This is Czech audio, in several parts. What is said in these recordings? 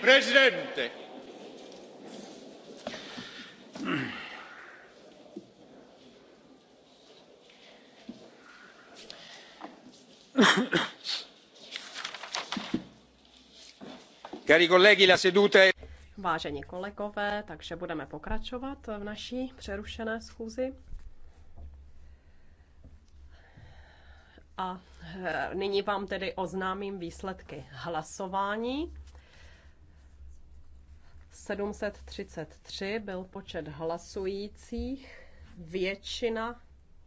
presidente cari colleghi la seduta è. vážení kolegové takže budeme pokračovat v naší přerušené schůzi. A eh, nyní vám tedy oznámím výsledky hlasování. 733 byl počet hlasujících, většina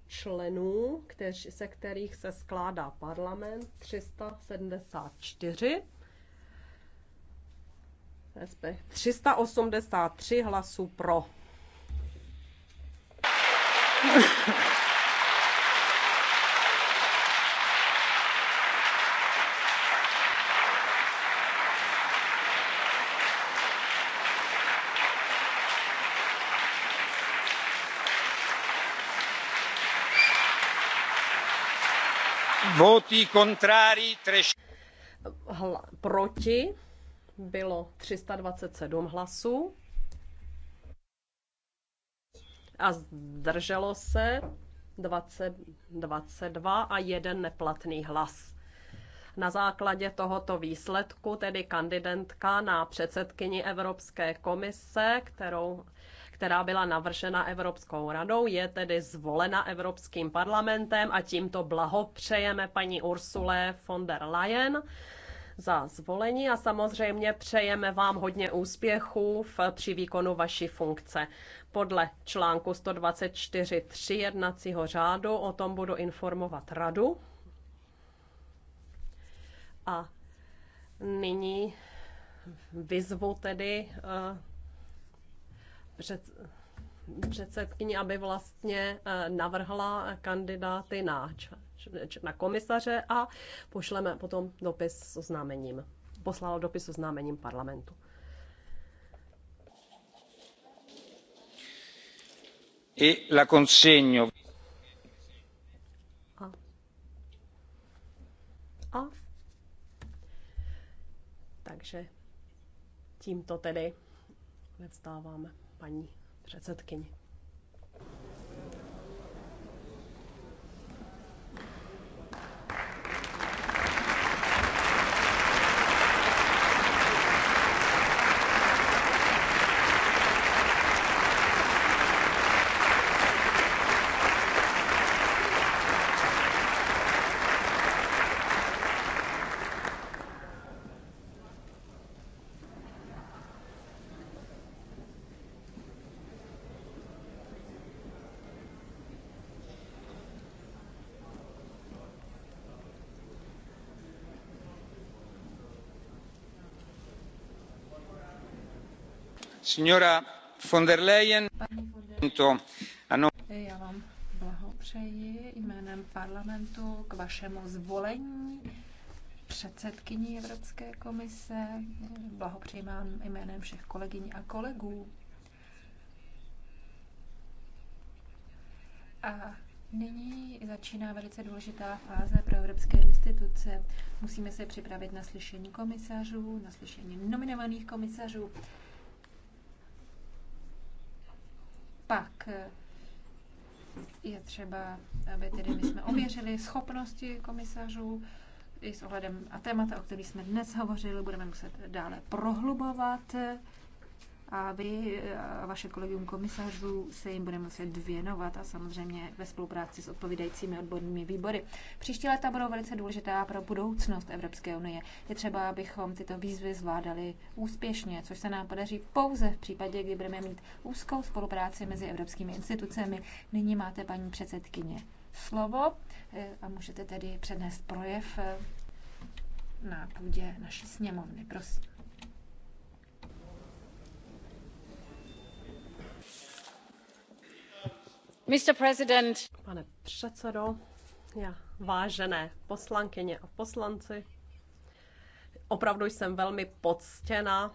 členů, kteř, se kterých se skládá parlament, 374. 383 hlasů pro. proti bylo 327 hlasů a zdrželo se 20, 22 a jeden neplatný hlas. Na základě tohoto výsledku tedy kandidentka na předsedkyni Evropské komise, kterou která byla navržena Evropskou radou, je tedy zvolena Evropským parlamentem a tímto blahopřejeme paní Ursule von der Leyen za zvolení a samozřejmě přejeme vám hodně úspěchů v, při výkonu vaší funkce. Podle článku 124.3 jednacího řádu o tom budu informovat radu. A nyní vyzvu tedy uh, před, předsedkyni, aby vlastně eh, navrhla kandidáty na, na komisaře a pošleme potom dopis s oznámením. Poslala dopis s oznámením parlamentu. E la consegno. A. A. Takže tímto tedy nevzdáváme paní předsedkyni. von der leyen já vám blahopřeji jménem parlamentu k vašemu zvolení předsedkyní Evropské komise. Blahopřeji vám jménem všech kolegyň a kolegů. A nyní začíná velice důležitá fáze pro evropské instituce. Musíme se připravit na slyšení komisařů, na slyšení nominovaných komisařů. pak eh, je třeba, aby tedy my jsme ověřili schopnosti komisařů i s ohledem a témata, o kterých jsme dnes hovořili, budeme muset dále prohlubovat a vy a vaše kolegium komisařů se jim bude muset věnovat a samozřejmě ve spolupráci s odpovídajícími odbornými výbory. Příští léta budou velice důležitá pro budoucnost Evropské unie. Je třeba, abychom tyto výzvy zvládali úspěšně, což se nám podaří pouze v případě, kdy budeme mít úzkou spolupráci mezi evropskými institucemi. Nyní máte paní předsedkyně slovo eh, a můžete tedy přednést projev eh, na půdě naší sněmovny. Prosím. Pane předsedající vážené poslankyně a poslanci, opravdu jsem velmi poctěna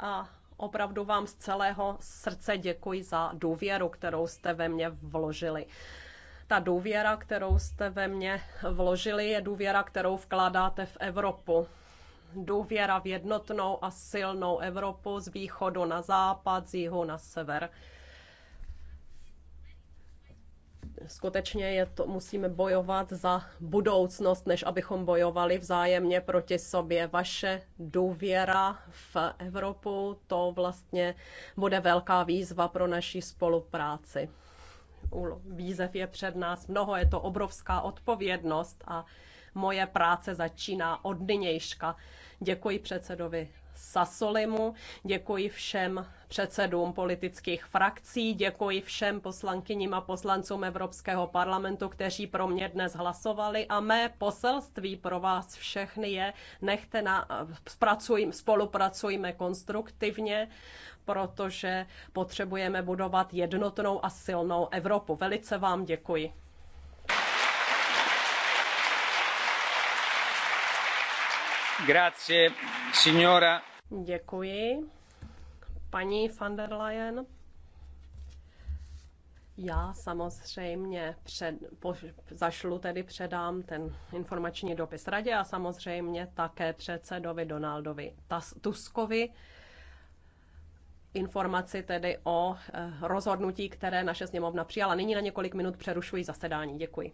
a opravdu vám z celého srdce děkuji za důvěru, kterou jste ve mě vložili. Ta důvěra, kterou jste ve mě vložili, je důvěra, kterou vkládáte v Evropu. Důvěra v jednotnou a silnou Evropu z východu na západ, z jihu na sever. skutečně je to, musíme bojovat za budoucnost, než abychom bojovali vzájemně proti sobě. Vaše důvěra v Evropu, to vlastně bude velká výzva pro naši spolupráci. Výzev je před nás mnoho, je to obrovská odpovědnost a moje práce začíná od nynějška. Děkuji předsedovi Sasolimu, děkuji všem předsedům politických frakcí, děkuji všem poslankyním a poslancům Evropského parlamentu, kteří pro mě dnes hlasovali a mé poselství pro vás všechny je, nechte na, spracujme, spolupracujme konstruktivně, protože potřebujeme budovat jednotnou a silnou Evropu. Velice vám děkuji. Děkuji. Paní van der Leyen, já samozřejmě před, po, zašlu tedy předám ten informační dopis radě a samozřejmě také předsedovi Donaldovi Tuskovi informaci tedy o eh, rozhodnutí, které naše sněmovna přijala. Nyní na několik minut přerušuji zasedání. Děkuji.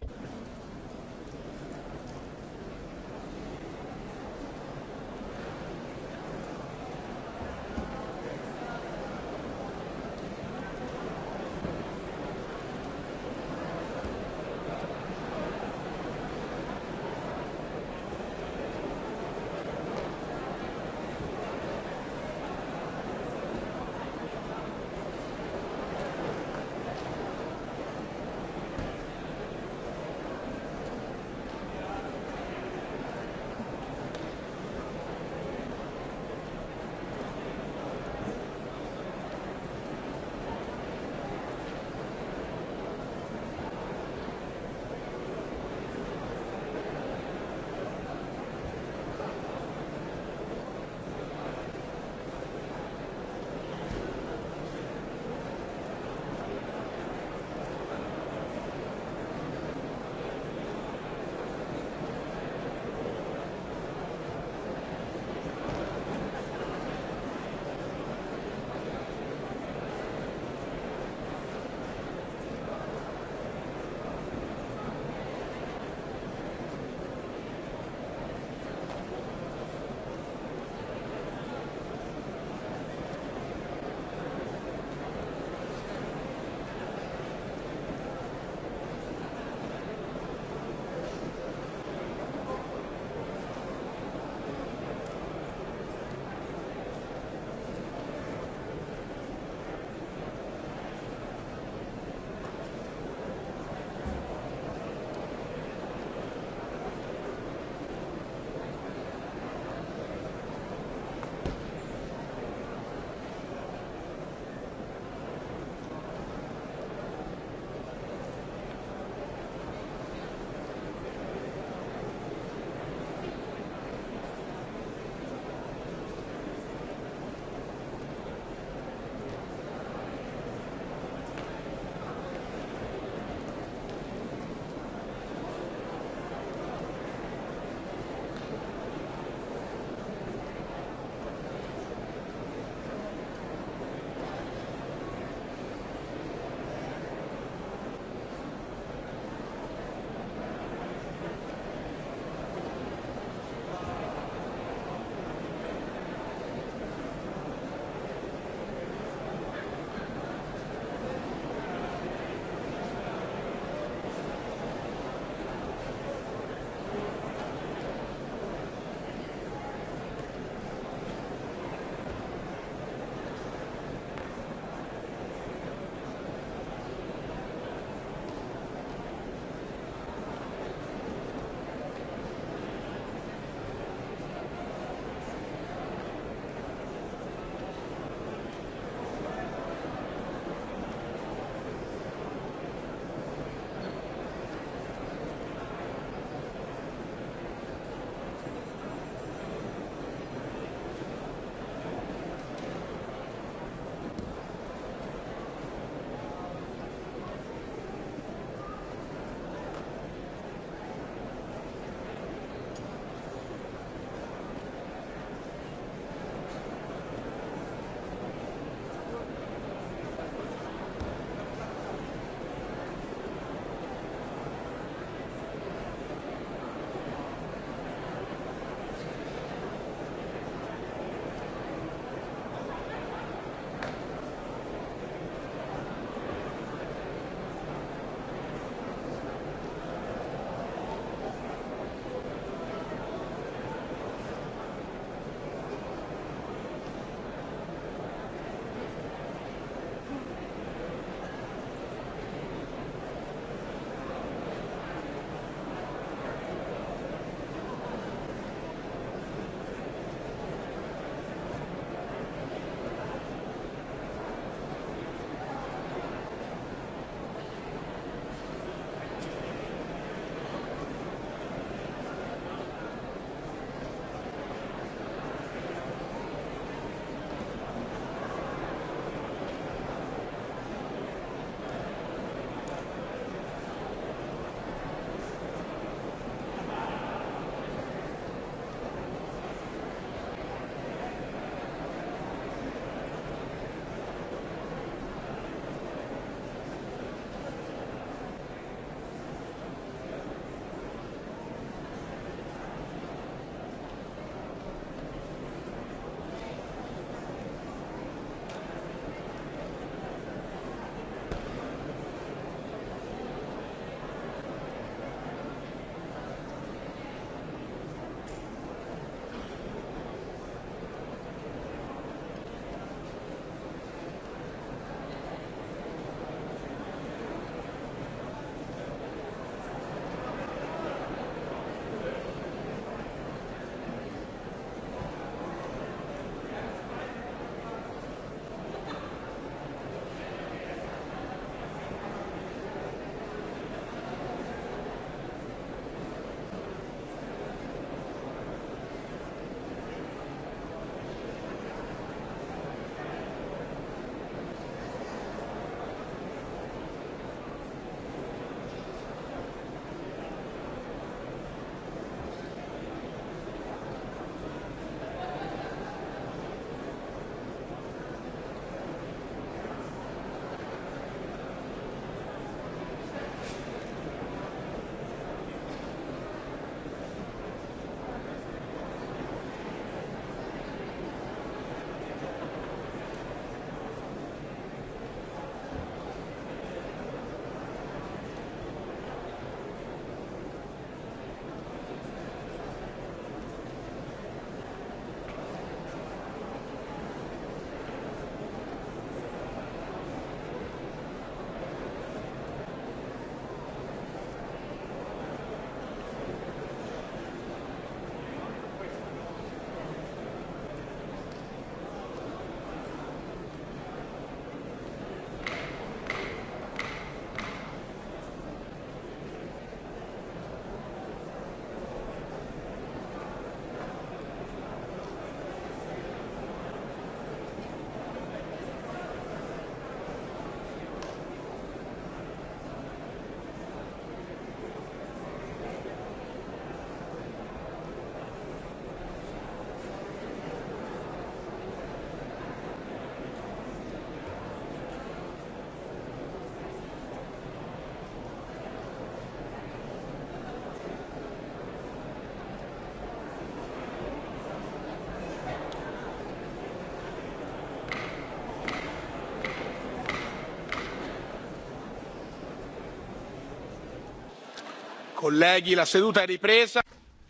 Colleghi, la seduta è ripresa.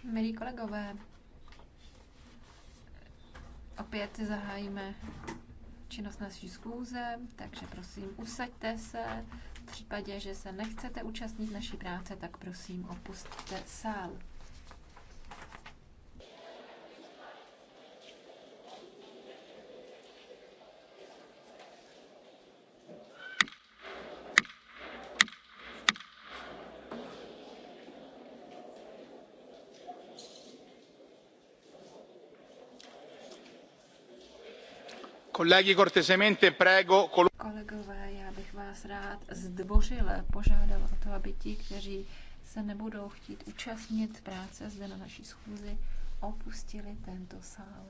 Milí kolegové, opět zahájíme činnost naší schůze, takže prosím, usaďte se. V případě, že se nechcete účastnit naší práce, tak prosím, opustte sál. Kolegové, já bych vás rád zdvořile požádal o to, aby ti, kteří se nebudou chtít účastnit práce zde na naší schůzi, opustili tento sál.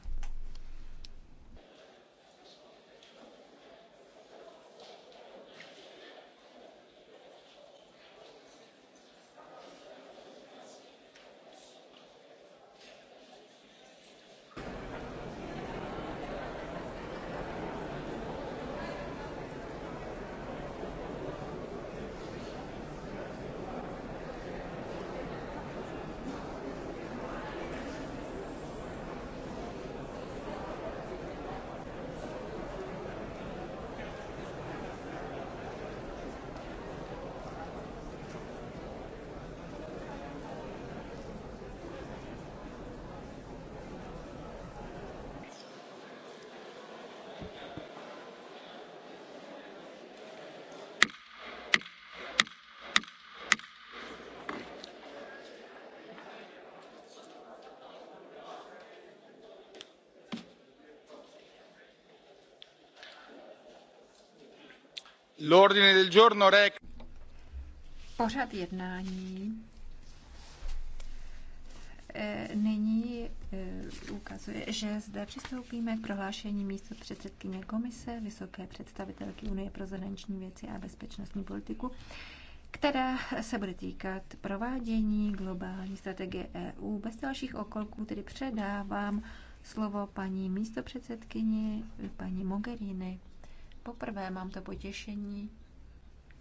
L'ordine del giorno Pořad jednání e, nyní e, ukazuje, že zde přistoupíme k prohlášení místo předsedkyně komise Vysoké představitelky Unie pro zahraniční věci a bezpečnostní politiku, která se bude týkat provádění globální strategie EU. Bez dalších okolků tedy předávám slovo paní místopředsedkyni, paní Mogherini. Poprvé mám to potěšení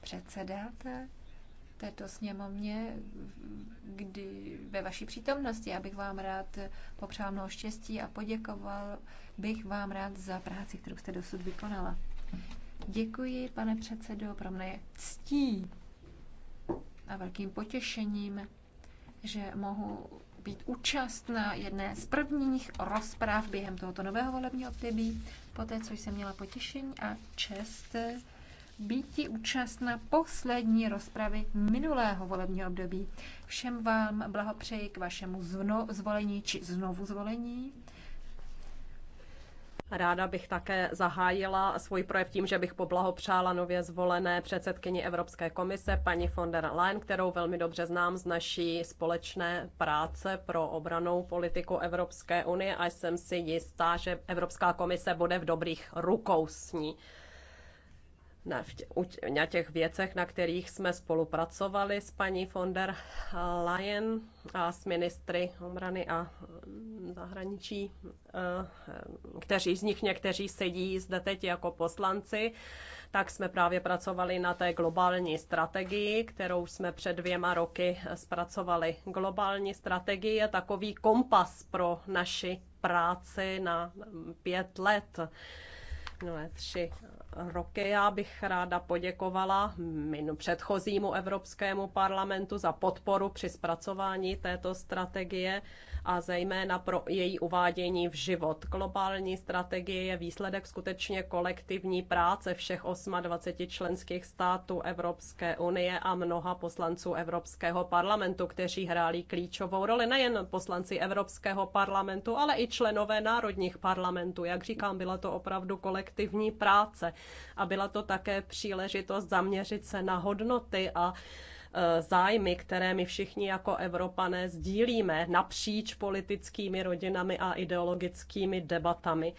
předsedat této sněmovně, kdy ve vaší přítomnosti. abych vám rád popřál mnoho štěstí a poděkoval bych vám rád za práci, kterou jste dosud vykonala. Děkuji, pane předsedo, pro mne je ctí a velkým potěšením, že mohu být účast na jedné z prvních rozpráv během tohoto nového volebního období, poté co jsem měla potěšení a čest býti účast na poslední rozpravy minulého volebního období. Všem vám blahopřeji k vašemu zvolení či znovu zvolení. Ráda bych také zahájila svůj projev tím, že bych poblahopřála nově zvolené předsedkyni Evropské komise, paní von der Leyen, kterou velmi dobře znám z naší společné práce pro obranou politiku Evropské unie a jsem si jistá, že Evropská komise bude v dobrých rukou s ní na, na těch věcech, na kterých jsme spolupracovali s paní von der Leyen a s ministry obrany a mm, zahraničí, eh, kteří z nich někteří sedí zde teď jako poslanci, tak jsme právě pracovali na té globální strategii, kterou jsme před dvěma roky zpracovali. Globální strategie je takový kompas pro naši práci na mm, pět let. No, tři roky. Já bych ráda poděkovala předchozímu Evropskému parlamentu za podporu při zpracování této strategie a zejména pro její uvádění v život. Globální strategie je výsledek skutečně kolektivní práce všech 28 členských států Evropské unie a mnoha poslanců Evropského parlamentu, kteří hráli klíčovou roli nejen poslanci Evropského parlamentu, ale i členové národních parlamentů. Jak říkám, byla to opravdu kolektivní práce. A byla to také příležitost zaměřit se na hodnoty a e, zájmy, které my všichni jako Evropané sdílíme napříč politickými rodinami a ideologickými debatami.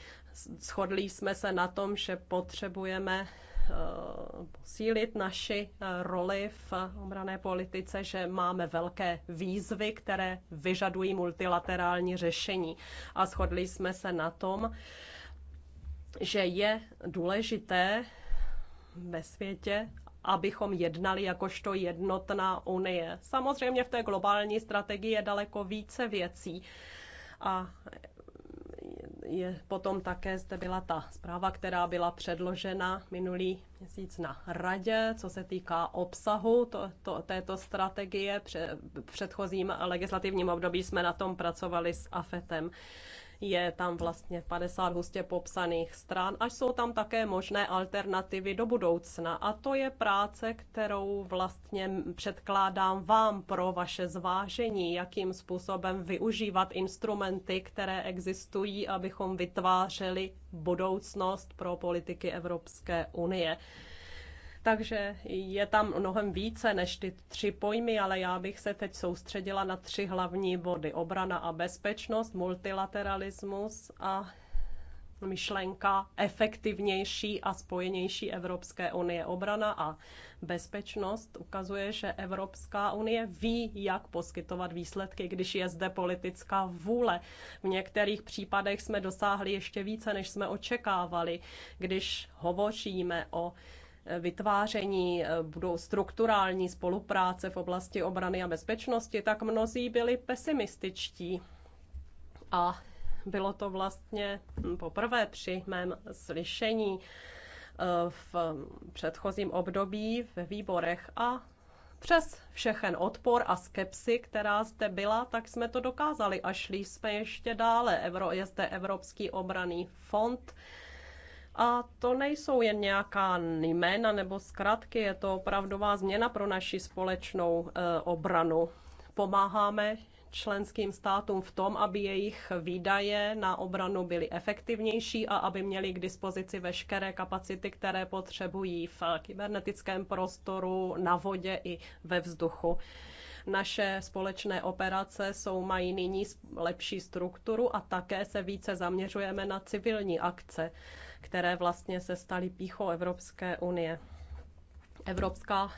Shodli jsme se na tom, že potřebujeme e, posílit naši e, roli v obrané politice, že máme velké výzvy, které vyžadují multilaterální řešení. A shodli jsme se na tom, že je důležité ve světě, abychom jednali jakožto jednotná unie. Samozřejmě v té globální strategii je daleko více věcí a je potom také zde byla ta zpráva, která byla předložena minulý měsíc na radě, co se týká obsahu to, to, této strategie. Před, v předchozím legislativním období jsme na tom pracovali s AFETem. Je tam vlastně 50 hustě popsaných stran a jsou tam také možné alternativy do budoucna. A to je práce, kterou vlastně předkládám vám pro vaše zvážení, jakým způsobem využívat instrumenty, které existují, abychom vytvářeli budoucnost pro politiky Evropské unie. Takže je tam mnohem více než ty tři pojmy, ale já bych se teď soustředila na tři hlavní body. Obrana a bezpečnost, multilateralismus a myšlenka efektivnější a spojenější Evropské unie. Obrana a bezpečnost ukazuje, že Evropská unie ví, jak poskytovat výsledky, když je zde politická vůle. V některých případech jsme dosáhli ještě více, než jsme očekávali, když hovoříme o vytváření eh, budou strukturální spolupráce v oblasti obrany a bezpečnosti, tak mnozí byli pesimističtí. A bylo to vlastně hm, poprvé při mém slyšení eh, v předchozím období ve výborech a přes všechen odpor a skepsy, která zde byla, tak jsme to dokázali a šli jsme ještě dále. Euro, je zde Evropský obraný fond, a to nejsou jen nějaká jména nebo zkratky, je to opravdová změna pro naši společnou eh, obranu. Pomáháme členským státům v tom, aby jejich výdaje na obranu byly efektivnější a aby měli k dispozici veškeré kapacity, které potřebují v kybernetickém prostoru, na vodě i ve vzduchu. Naše společné operace jsou mají nyní lepší strukturu a také se více zaměřujeme na civilní akce které vlastně se staly pícho Evropské unie. Evropská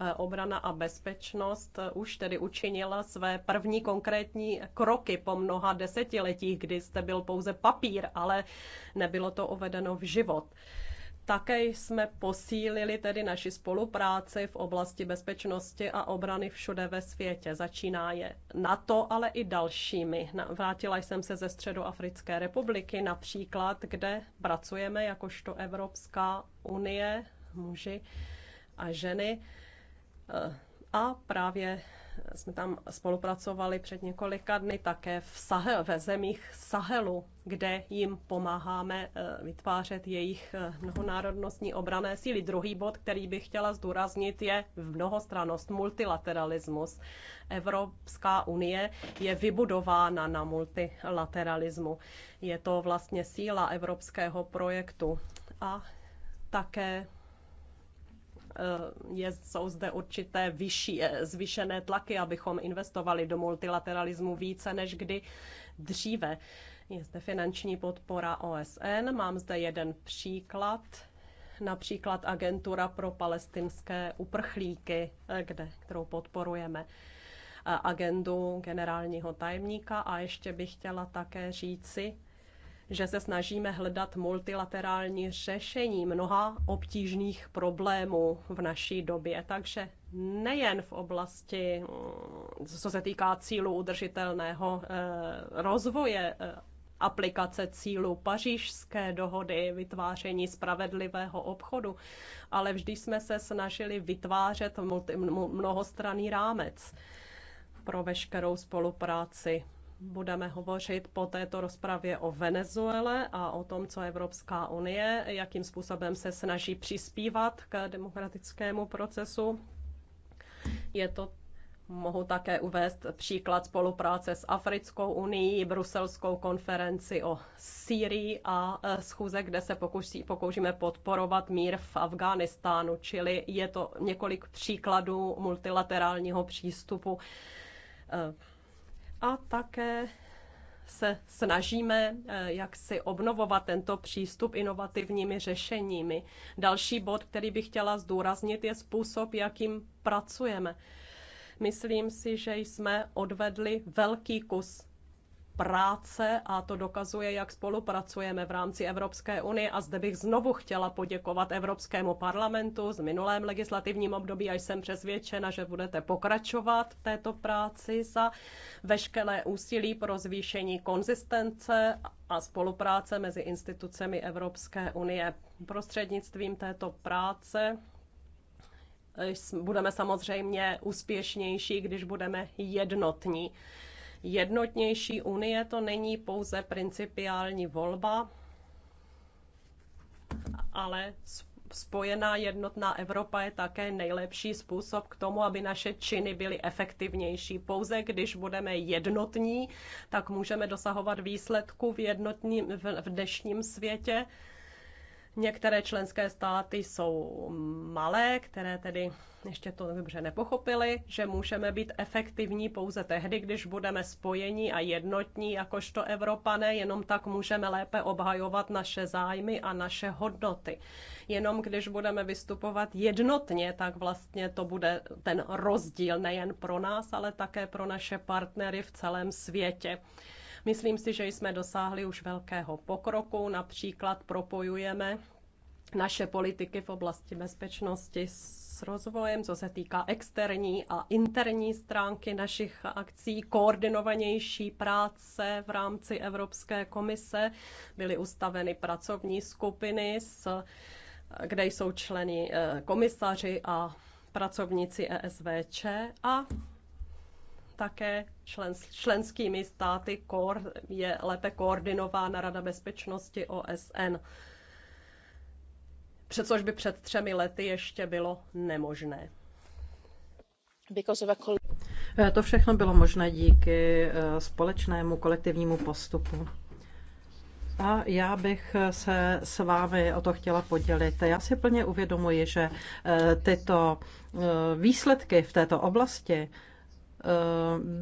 eh, obrana a bezpečnost eh, už tedy učinila své první konkrétní kroky po mnoha desetiletích, kdy jste byl pouze papír, ale nebylo to uvedeno v život. Také jsme posílili tedy naši spolupráci v oblasti bezpečnosti a obrany všude ve světě. Začíná je NATO, ale i dalšími. Vrátila jsem se ze středu Africké republiky například, kde pracujeme jakožto Evropská unie, muži a ženy. E, a právě jsme tam spolupracovali před několika dny také v Sahel, ve zemích Sahelu, kde jim pomáháme eh, vytvářet jejich eh, mnohonárodnostní obrané síly. Druhý bod, který bych chtěla zdůraznit, je v mnohostranost, multilateralismus. Evropská unie je vybudována na multilateralismu. Je to vlastně síla evropského projektu. A také Eh, je, jsou zde určité vyšší, eh, zvyšené tlaky, abychom investovali do multilateralismu více než kdy dříve. Je zde finanční podpora OSN. Mám zde jeden příklad například agentura pro palestinské uprchlíky, eh, kde, kterou podporujeme agendu generálního tajemníka a ještě bych chtěla také říci, že se snažíme hledat multilaterální řešení mnoha obtížných problémů v naší době. Takže nejen v oblasti, mm, co se týká cílu udržitelného eh, rozvoje, eh, aplikace cílů pařížské dohody, vytváření spravedlivého obchodu, ale vždy jsme se snažili vytvářet mnohostranný rámec pro veškerou spolupráci budeme hovořit po této rozpravě o Venezuele a o tom, co Evropská unie, jakým způsobem se snaží přispívat k demokratickému procesu. Je to Mohu také uvést příklad spolupráce s Africkou unii, bruselskou konferenci o Sýrii a e, schůze, kde se pokusí, pokoušíme podporovat mír v Afghánistánu, čili je to několik příkladů multilaterálního přístupu e, a také se snažíme eh, jak si obnovovat tento přístup inovativními řešeními. Další bod, který bych chtěla zdůraznit, je způsob, jakým pracujeme. Myslím si, že jsme odvedli velký kus práce a to dokazuje, jak spolupracujeme v rámci Evropské unie. A zde bych znovu chtěla poděkovat Evropskému parlamentu z minulém legislativním období a jsem přesvědčena, že budete pokračovat v této práci za veškeré úsilí pro zvýšení konzistence a spolupráce mezi institucemi Evropské unie. Prostřednictvím této práce budeme samozřejmě úspěšnější, když budeme jednotní jednotnější unie to není pouze principiální volba, ale spojená jednotná Evropa je také nejlepší způsob k tomu, aby naše činy byly efektivnější. Pouze když budeme jednotní, tak můžeme dosahovat výsledku v, jednotním, v dnešním světě Některé členské státy jsou malé, které tedy ještě to dobře nepochopili, že můžeme být efektivní pouze tehdy, když budeme spojení a jednotní jakožto Evropané, jenom tak můžeme lépe obhajovat naše zájmy a naše hodnoty. Jenom když budeme vystupovat jednotně, tak vlastně to bude ten rozdíl nejen pro nás, ale také pro naše partnery v celém světě. Myslím si, že jsme dosáhli už velkého pokroku, například propojujeme naše politiky v oblasti bezpečnosti s rozvojem, co se týká externí a interní stránky našich akcí, koordinovanější práce v rámci Evropské komise. Byly ustaveny pracovní skupiny, s, kde jsou členy eh, komisaři a pracovníci ESVČ a také člens, členskými státy kor, je lépe koordinována Rada bezpečnosti OSN. Před, což by před třemi lety ještě bylo nemožné. Eh, to všechno bylo možné díky eh, společnému kolektivnímu postupu. A já bych eh, se s vámi o to chtěla podělit. Já si plně uvědomuji, že tyto výsledky v této oblasti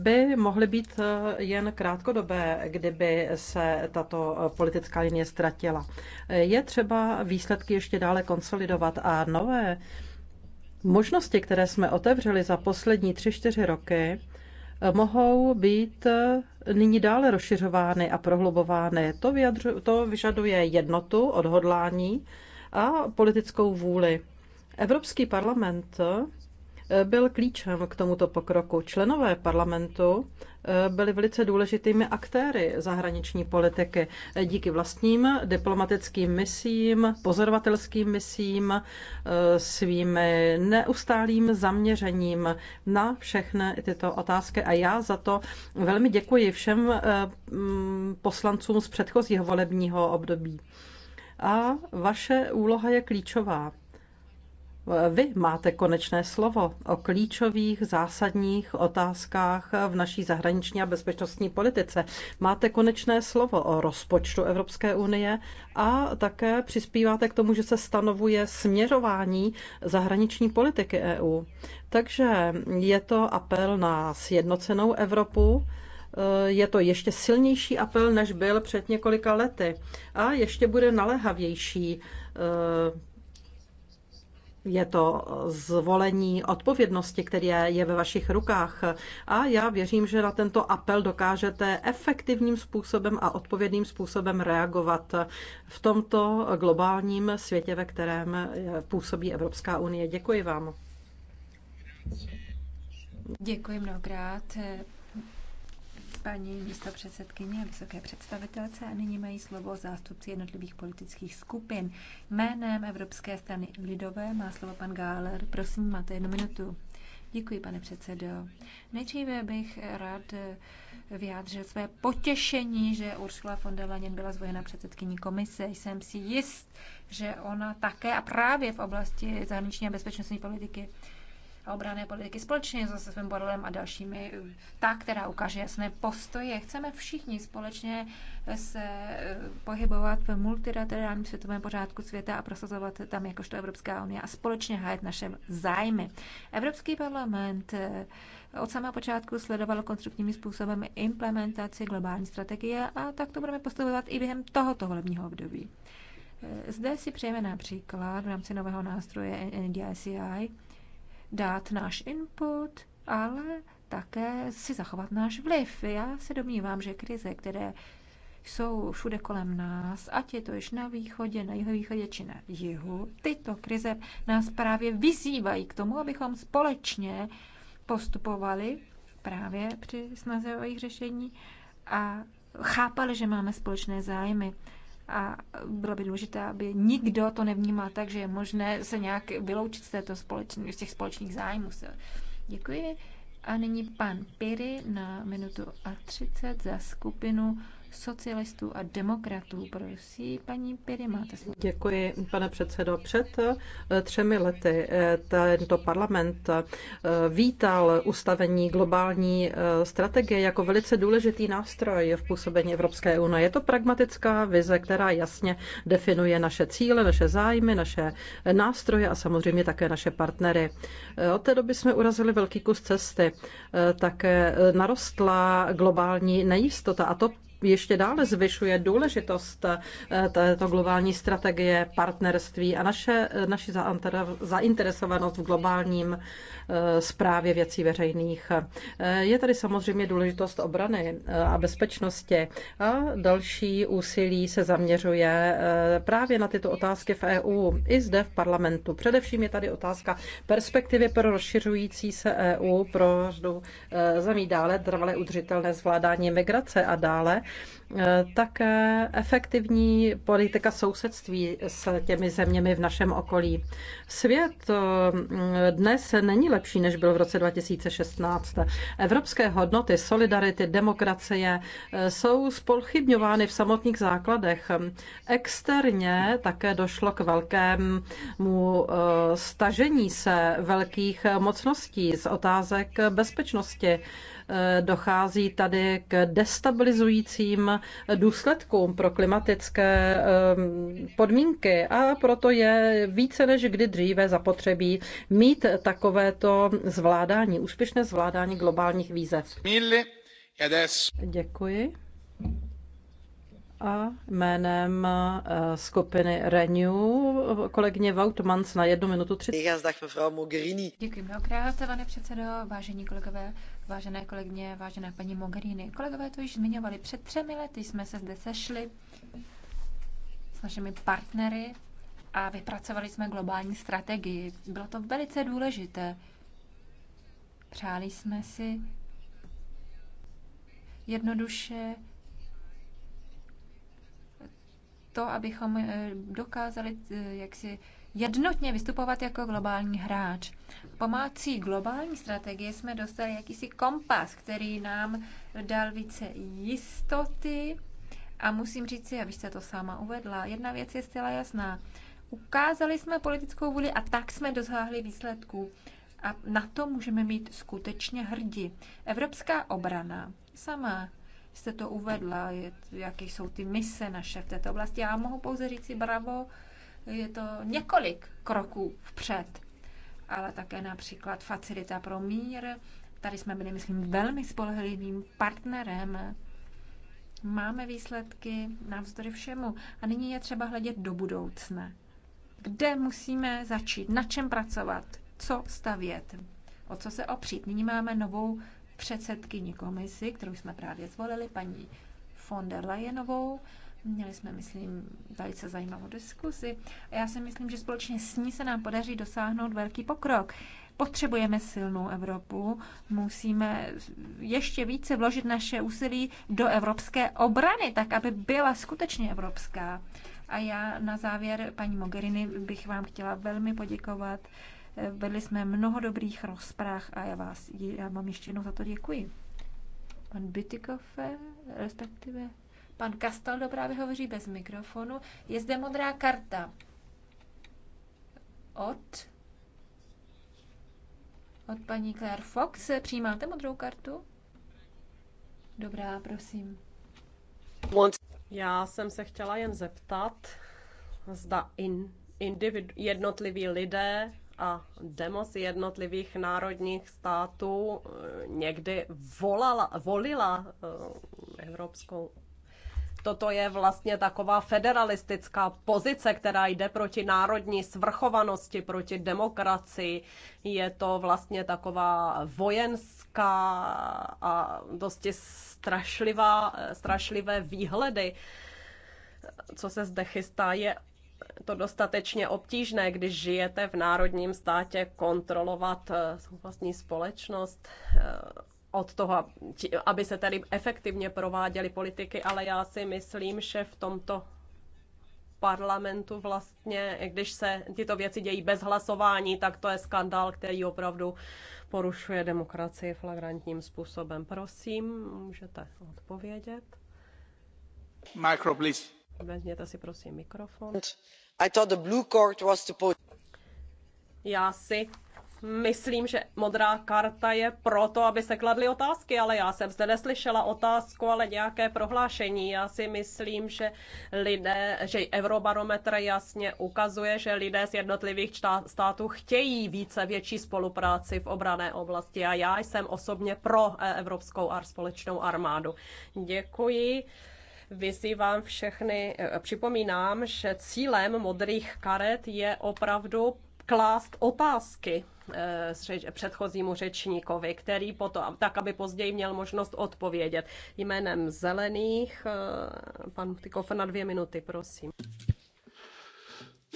by mohly být eh, jen krátkodobé, kdyby se tato politická linie ztratila. Eh, je třeba výsledky ještě dále konsolidovat a nové možnosti, které jsme otevřeli za poslední tři čtyři roky, eh, mohou být nyní dále rozšiřovány a prohlubovány. To, vyjadřu, to vyžaduje jednotu, odhodlání a politickou vůli. Evropský parlament byl klíčem k tomuto pokroku. Členové parlamentu eh, byli velice důležitými aktéry zahraniční politiky díky vlastním diplomatickým misím, pozorovatelským misím, eh, svými neustálým zaměřením na všechny tyto otázky. A já za to velmi děkuji všem eh, mm, poslancům z předchozího volebního období. A vaše úloha je klíčová. Vy máte konečné slovo o klíčových zásadních otázkách v naší zahraniční a bezpečnostní politice. Máte konečné slovo o rozpočtu Evropské unie a také přispíváte k tomu, že se stanovuje směřování zahraniční politiky EU. Takže je to apel na sjednocenou Evropu, je to ještě silnější apel, než byl před několika lety a ještě bude naléhavější je to zvolení odpovědnosti, které je ve vašich rukách. A já věřím, že na tento apel dokážete efektivním způsobem a odpovědným způsobem reagovat v tomto globálním světě, ve kterém působí Evropská unie. Děkuji vám. Děkuji mnohokrát paní místopředsedkyně a vysoké představitelce a nyní mají slovo zástupci jednotlivých politických skupin. Jménem Evropské strany Lidové má slovo pan Gáler. Prosím, máte jednu minutu. Děkuji, pane předsedo. Nejdříve bych rád vyjádřil své potěšení, že Ursula von der Leyen byla zvolena předsedkyní komise. Jsem si jist, že ona také a právě v oblasti zahraniční a bezpečnostní politiky a obrané politiky společně s Josefem Borelem a dalšími, ta, která ukáže jasné postoje. Chceme všichni společně se eh, pohybovat v multilaterálním světovém pořádku světa a prosazovat tam jakožto Evropská unie a společně hájet naše zájmy. Evropský parlament eh, od samého počátku sledoval konstruktivním způsobem implementaci globální strategie a tak to budeme postupovat i během tohoto volebního období. Eh, zde si přejeme například v rámci nového nástroje NDICI dát náš input, ale také si zachovat náš vliv. Já se domnívám, že krize, které jsou všude kolem nás, ať je to již na východě, na jihovýchodě či na jihu, tyto krize nás právě vyzývají k tomu, abychom společně postupovali právě při snaze o jejich řešení a chápali, že máme společné zájmy a bylo by důležité, aby nikdo to nevnímal tak, že je možné se nějak vyloučit z, této společný, z těch společných zájmů. Děkuji. A nyní pan Piry na minutu a 30 za skupinu socialistů a demokratů. Prosím, paní Piry, máte slovo. Děkuji, pane předsedo. Před eh, třemi lety eh, tento parlament eh, vítal ustavení globální strategie jako velice důležitý nástroj v působení Evropské unie. Je to pragmatická vize, která jasně definuje naše cíle, naše zájmy, naše nástroje a samozřejmě také naše partnery. Od té doby jsme urazili velký kus cesty. Také narostla globální nejistota a to ještě dále zvyšuje důležitost eh, této globální strategie partnerství a naše, naši zainteresovanost v globálním zprávě eh, věcí veřejných. Eh, je tady samozřejmě důležitost obrany eh, a bezpečnosti a další úsilí se zaměřuje právě na tyto otázky v EU i zde v parlamentu. Především je tady otázka perspektivy pro rozšiřující se EU pro zemí dále trvalé udržitelné zvládání migrace a dále tak efektivní politika sousedství s těmi zeměmi v našem okolí. Svět dnes není lepší, než byl v roce 2016. Evropské hodnoty, solidarity, demokracie eh, jsou spolchybňovány v samotných základech. Externě také došlo k velkému eh, stažení se velkých eh, mocností z otázek bezpečnosti. Eh, dochází tady k destabilizujícím důsledkům pro klimatické eh, podmínky a proto je více než kdy dříve zapotřebí mít takovéto zvládání, úspěšné zvládání globálních výzev. E Děkuji. A jménem eh, skupiny Renew kolegyně Vautmans na jednu minutu třicet. Děkuji mnohokrát, pane předsedo, vážení kolegové vážené kolegyně, vážená paní Mogherini. Kolegové to již zmiňovali. Před třemi lety jsme se zde sešli s našimi partnery a vypracovali jsme globální strategii. Bylo to velice důležité. Přáli jsme si jednoduše to, abychom eh, dokázali eh, jak si jednotně vystupovat jako globální hráč. Pomocí globální strategie jsme dostali jakýsi kompas, který nám dal více jistoty a musím říct si, se to sama uvedla, jedna věc je zcela jasná. Ukázali jsme politickou vůli a tak jsme dosáhli výsledků. A na to můžeme mít skutečně hrdi. Evropská obrana sama jste to uvedla, jaké jsou ty mise naše v této oblasti. Já mohu pouze říct si bravo, je to několik kroků vpřed, ale také například facilita pro mír. Tady jsme byli, myslím, velmi spolehlivým partnerem. Máme výsledky navzdory všemu a nyní je třeba hledět do budoucna. Kde musíme začít, na čem pracovat, co stavět, o co se opřít. Nyní máme novou předsedkyni komisi, kterou jsme právě zvolili, paní von der Leyenovou, Měli jsme, myslím, velice zajímavou diskusi. A já si myslím, že společně s ní se nám podaří dosáhnout velký pokrok. Potřebujeme silnou Evropu, musíme ještě více vložit naše úsilí do evropské obrany, tak aby byla skutečně evropská. A já na závěr, paní Mogherini, bych vám chtěla velmi poděkovat. Vedli jsme mnoho dobrých rozpráv a já, vás, já vám ještě jednou za to děkuji. Pan Bytikofer, respektive Pan Kastel právě hovoří bez mikrofonu. Je zde modrá karta od od paní Claire Fox. Přijímáte modrou kartu? Dobrá, prosím. Já jsem se chtěla jen zeptat, zda in, individu, jednotliví lidé a demos jednotlivých národních států eh, někdy volala, volila eh, Evropskou Toto je vlastně taková federalistická pozice, která jde proti národní svrchovanosti, proti demokracii. Je to vlastně taková vojenská a dosti strašlivá, strašlivé výhledy, co se zde chystá. Je to dostatečně obtížné, když žijete v národním státě, kontrolovat eh, vlastní společnost. Eh, od toho, aby se tady efektivně prováděly politiky, ale já si myslím, že v tomto parlamentu vlastně, když se tyto věci dějí bez hlasování, tak to je skandál, který opravdu porušuje demokracii flagrantním způsobem. Prosím, můžete odpovědět. Micro, please. Vezměte si prosím mikrofon. I thought the blue cord was to put... Já si myslím, že modrá karta je proto, aby se kladly otázky, ale já jsem zde neslyšela otázku, ale nějaké prohlášení. Já si myslím, že lidé, že Eurobarometr jasně ukazuje, že lidé z jednotlivých států chtějí více větší spolupráci v obrané oblasti a já jsem osobně pro e, Evropskou a společnou armádu. Děkuji vyzývám všechny, e, připomínám, že cílem modrých karet je opravdu klást otázky eh, předchozímu řečníkovi, který potom, tak aby později měl možnost odpovědět. Jménem zelených, eh, pan Tykov na dvě minuty, prosím.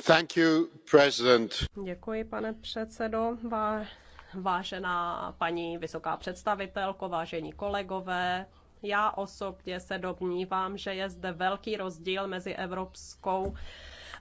Thank you, president. Děkuji, pane předsedo. Vážená paní vysoká představitelko, vážení kolegové, já osobně se domnívám, že je zde velký rozdíl mezi Evropskou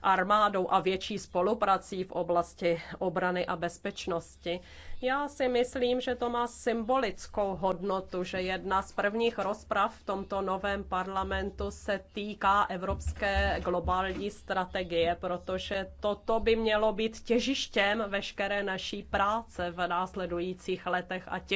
armádou a větší spoluprací v oblasti obrany a bezpečnosti. Já si myslím, že to má symbolickou hodnotu, že jedna z prvních rozprav v tomto novém parlamentu se týká evropské globální strategie, protože toto by mělo být těžištěm veškeré naší práce v následujících letech a těžkých